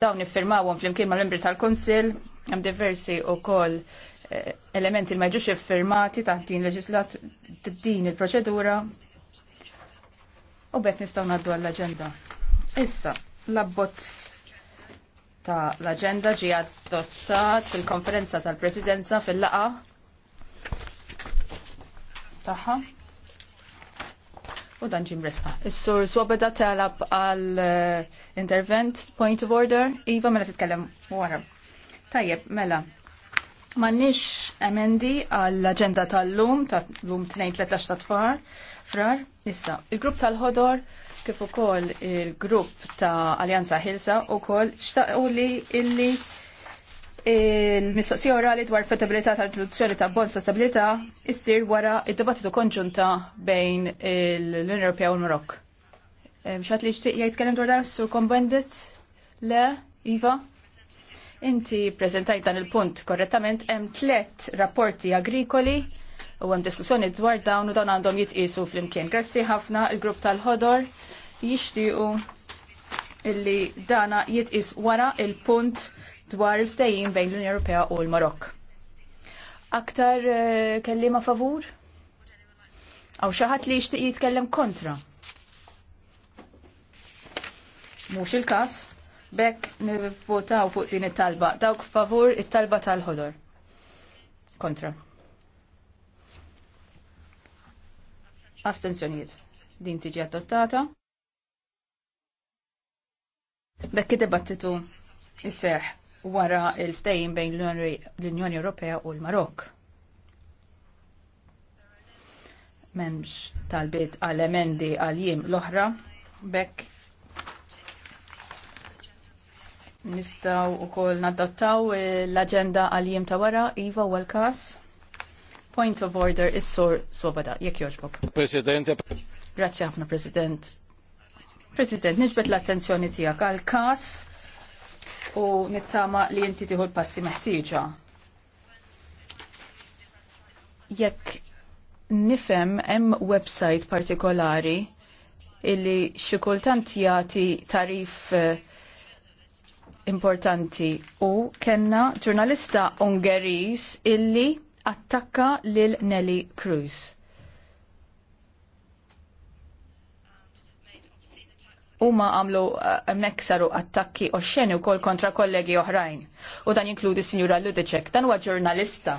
dawn iffirmawhom flimkien mal-membri tal-Konsil hemm diversi wkoll eh, elementi li ma jġux iffirmati taħt din leġislat din il-proċedura u bett nistgħu ngħaddu għall-aġenda. Issa, l-abbozz ta' l-aġenda ġi adottat fil-konferenza tal-presidenza fil-laqa tagħha u dan ġim resqa. Sur swabeda talab għal eh, intervent, point of order, Iva mela titkellem wara. Tajjeb, mela. Mannix emendi għall-agenda tal-lum, tal-lum 2-13 ta' tfar, frar, issa, il-grupp tal-ħodor, kif ukoll il-grupp ta' Aljanza Hilsa u koll, xtaqu li illi il-mistoqsija orali dwar fettabilità tal introduzzjoni ta' ta' stabilità issir wara id-dibattitu konġunta bejn l-Unjoni Ewropea u l-Marok. Mxat eh, li xtiq jgħid dwar dan su kombendit? Le, Iva? Inti prezentajt dan il-punt korrettament hemm tliet rapporti agrikoli u hemm diskussjoni dwar dawn u dawn għandhom jitqisu flimkien. Grazzi ħafna il-grupp tal-ħodor jixtiequ illi dana jitqis wara il-punt dwar il-ftajim bejn l unja Ewropea u l-Marok. Aktar eh, ma favur? Aw xaħat li jixtieq jitkellem kontra? Mhux il-każ. Bekk u fuq din it-talba. Dawk favur it-talba tal-ħodor. Kontra. Astenzjonijiet. Din tiġi adottata. Bekk id-debattitu is-seħ wara il-ftejn bejn l-Unjoni Ewropea u l-Marok. Memx talbiet għal-emendi għal jim l-oħra, bekk nistaw u kol nadattaw l-agenda għal-jiem ta' wara, Iva u kas Point of order is sur sobada, jek joġbok. Presidente. Grazie ħafna, President. President, nġbet l-attenzjoni tijak għal-kas u nittama li inti tieħu l-passi meħtieġa. Jekk nifhem hemm website partikolari illi xi kultant jagħti tarif eh, importanti u kenna ġurnalista Ungeris illi attakka lil Nelly Cruz. huma għamlu eh, hemmhekk saru attakki u wkoll kontra kollegi oħrajn. U dan jinkludi Sinjura Ludicek, dan huwa ġurnalista.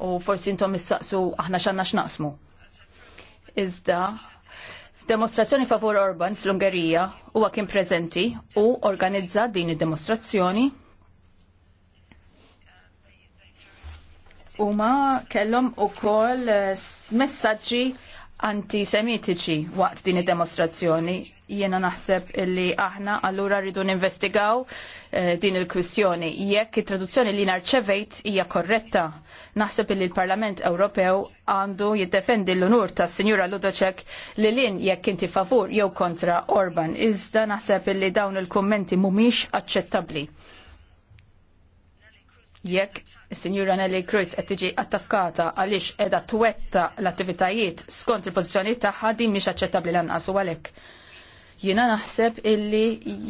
U forsi intom issaqsu aħna x'għandna x'naqsmu. Iżda f'demostrazzjoni favur Orban fl-Ungerija huwa kien preżenti u organizza din id-demostrazzjoni Uma kellhom ukoll eh, messaġġi antisemitiċi waqt din id-demostrazzjoni. Jiena naħseb illi aħna allura rridu ninvestigaw eh, din il-kwistjoni. Jekk it-traduzzjoni li narċevejt hija korretta, naħseb illi l-Parlament Ewropew għandu jiddefendi l-unur ta' Sinjura Ludoċek li lin jekk inti favur jew kontra Orban. Iżda naħseb illi dawn il-kummenti mhumiex aċċettabbli jekk is-Sinjura Nelly Cruz qed tiġi attakkata għaliex qiegħda twetta l-attivitajiet skont il-pożizzjoni tagħha din mhix aċċettabbli lanqas u għalhekk Jina naħseb illi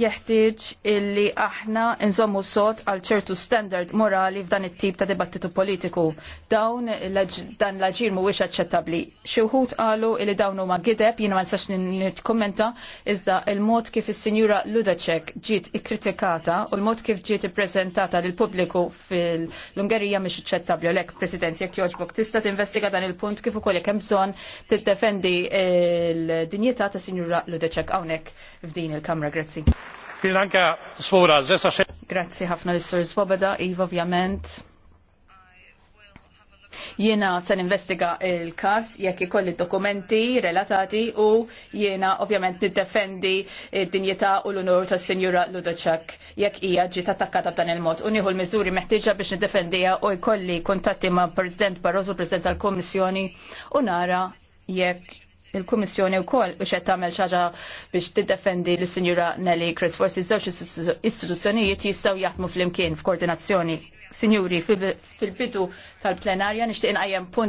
jeħtieġ illi aħna nżommu sot għal ċertu standard morali f'dan it-tip ta' dibattitu politiku. Dawn dan l-ġir mhuwiex aċċettabbli. Xi wħud qalu illi dawn huma gideb, jiena ma nistax nikkummenta, iżda il-mod kif is-Sinjura Ludacek ġiet ikkritikata u l-mod kif ġiet ippreżentata lil pubbliku fil-Ungerija mhix aċċettabbli għalhekk President jekk jogħġbok tista' tinvestiga dan il-punt kif ukoll jekk hemm bżonn tiddefendi l-dinjità ta' Sinjura Ludacek hawnhekk hawnhekk f'din il-Kamra. Grazzi. Grazzi ħafna l-Sur Swoboda, Iva ovvjament. Jiena se investiga il-kas jekk ikolli dokumenti relatati u jiena ovvjament niddefendi id-dinjità u l-unur tas sinjura Ludoċak jekk hija ġiet attakkata dan il-mod. U nieħu l-miżuri meħtieġa biex niddefendiha u jkolli kuntatti ma' President Barroso, President tal komissjoni u nara jekk il-Kummissjoni wkoll u xed tagħmel xi ħaġa biex tiddefendi lis sinjura Nelly Chris forsi żewġ istituzzjonijiet jistgħu jaħdmu flimkien f'koordinazzjoni. Sinjuri, fil-bidu tal-plenarja nixtieq inqajjem punt